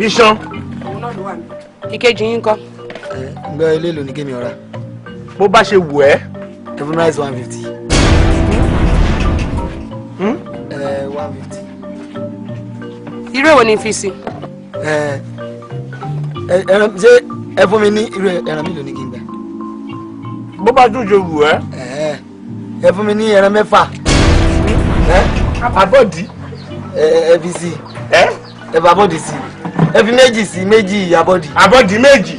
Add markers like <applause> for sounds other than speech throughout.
iṣan. òun náà ló wà mí. ìkejì yín kọ́. ẹ gbọ́ ilé ìlú ní kémi ọ̀ra. bó bá ṣe wù ẹ́. seven rice one fifty. ẹ hmm? eh, one fifty. irú èwo ni fi si. ẹ ẹ ṣé ẹ fún mi ní irú ẹran mi lò ní kí n gbà. bó bá dùn ṣe wù ẹ́. ẹ eh, ẹ fún mi ní ẹran mẹ́fà. ẹ eh, abọ́dí. ẹ ẹ fi si. ẹ ẹ bá bọ́dí si ẹ fi méjì sí méjì abọ́dì. abọ́dì méjì.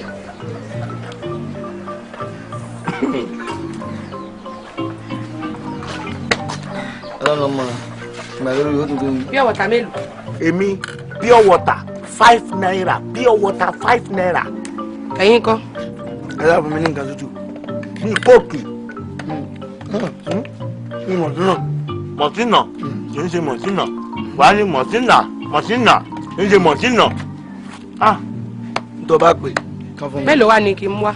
ọlọ́run ọmọ ìgbà lórí yóò tún tó mi. pure water mélòó. èmi pure water five naira pure water five naira. ẹ̀yin kọ́. ẹ dábàá mi ní nǹkan tútù bíi kóòkì mọ̀tínà mọ̀tínà kì í ṣe mọ̀tínà wàá ní mọ̀tínà mọ̀tínà kì í ṣe mọ̀tínà ah tó bá pè kan fún mi. mélòó wà ní kí n wá.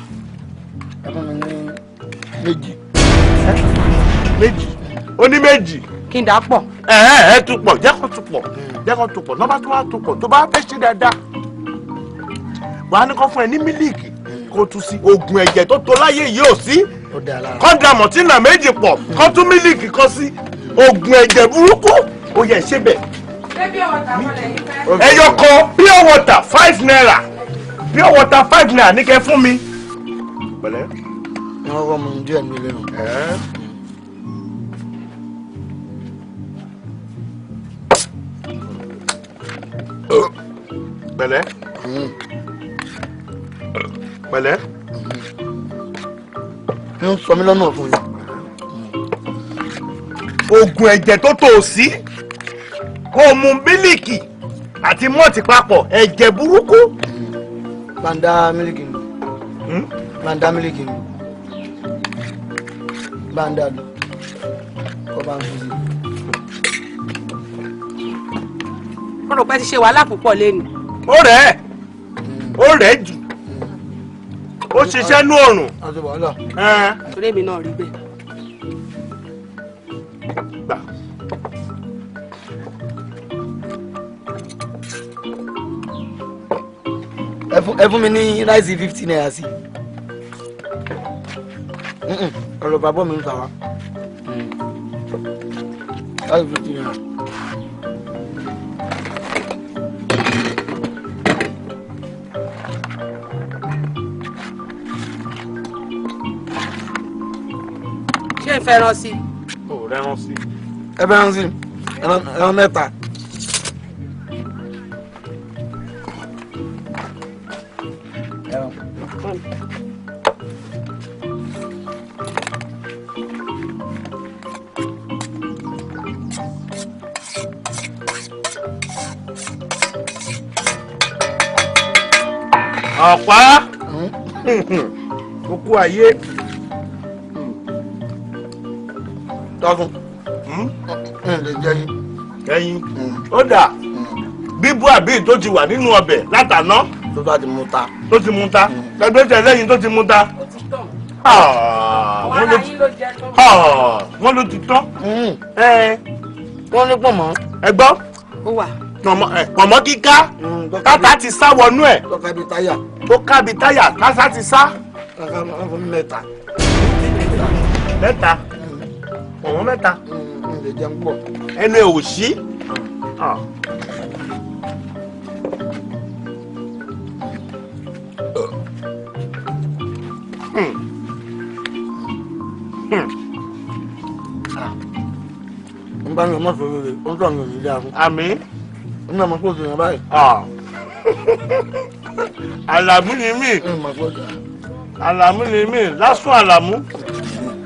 ẹ fún mi ní méjì. méjì ó ní méjì. kí n dà pọ̀. ẹ ẹ ẹ tún pọ̀ jẹ́ kó tún pọ̀ jẹ́ kó tún pọ̀ lọ́ba tó bá tún pọ̀ tó bá fẹ́ ṣe dáadáa wàá ní kó fún ẹ ní mílíìkì kó tún sí oògùn ẹ̀jẹ̀ tó tó láyé yìí ò sí kó da mọ̀tínà méjì pọ̀ kó tún mílíìkì kó sí oògùn ẹ̀jẹ̀ burúkú ó yẹ ṣe bẹ́ẹ̀ ẹyọ kan pure water five naira pure water five naira ní kẹ́ fún mi. pẹ̀lẹ́. wọn rọ mu díẹ̀ mi lẹ́nu. pẹ̀lẹ́. Hmm. pẹ̀lẹ́. Hmm. ń sọ mí lọ́nà fún yín. oògùn ẹ̀jẹ̀ tó tó o sí. Si kó mu mílìkì àti mọ́ọ̀tì papọ̀ ẹ̀jẹ̀ burúkú. bàǹdà mílìkì ni hmm? bàǹdà mílìkì ni bàǹdà ni kò bá ń fi sí. mo rò pé ti ṣe wàhálà púpọ̀ lẹ́nu. ó rẹ̀ ẹ́ ó rẹ̀ ẹ́ jù ó ṣiṣẹ́ nú ọ̀rùn. torí èmi náà rí bẹ́ẹ̀. ẹ fún mi ní ráìsì fifty naira sí ọ̀rọ̀ bàbá mi ń fà wá mm. ráìsì fifty naira. ṣé ìfẹ́ rán sí. ò rẹ́rán sí. ẹ bẹ́ẹ̀ rán sí mẹ́ta. ọ̀pá okú ayé tọ́fún hmm? ẹyin hmm. ó dà hmm. bíbú àbí tó ti wà nínú ọbẹ̀ látàná tó ti mú ta lẹgbẹsẹ lẹ́yìn tó ti mú ta ah, wọ́n ló ti tán ah, hmm. wọ́n ní pọ̀mọ́. ẹ gbọ́. ó wà. pọ̀mọ́ kíká hmm, tata ti sá wọnú ẹ̀. tó kábi táyà. tó kábi táyà tata ti sá. mẹ́ta. mẹ́ta. Hmm. pọ̀mọ́ mẹ́ta. ẹnu ẹ̀ ò sí. Ah. nígbà ah. <laughs> mi ò mọ̀ sórí rẹ̀ ó ń tọ̀ mi ò ní dáa fún. àmì. nínú ọmọ kó o ti yàn báyìí. àlàmú ni mí. àlàmú ni mí lásán àlàmú.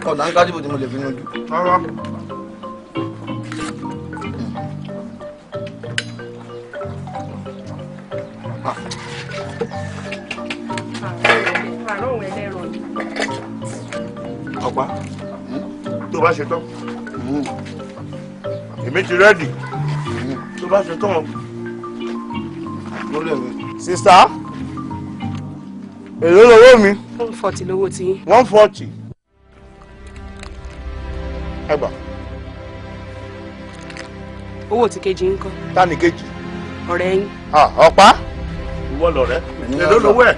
ọ̀nà ń kájú bò tí mo lè fi yanjú. rárá. Hmm. ọ̀pá hmm. tó bá ṣe tán. Hmm èmi ti rẹ́dì tó bá ṣe tán sista èló lówó mi. one forty lówó tí. one forty ẹgbàá. owó tí kejì ń kọ́. ta ni kejì. ọ̀rẹ́ yín. ọ̀pá. ìwọ lọ̀rẹ́ èló lówó ẹ̀.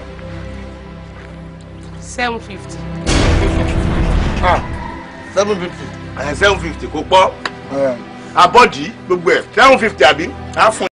seven fifty. seven fifty. seven fifty kò pọ̀ abọ́dí gbogbo ẹ̀ seven fifty àbí á fún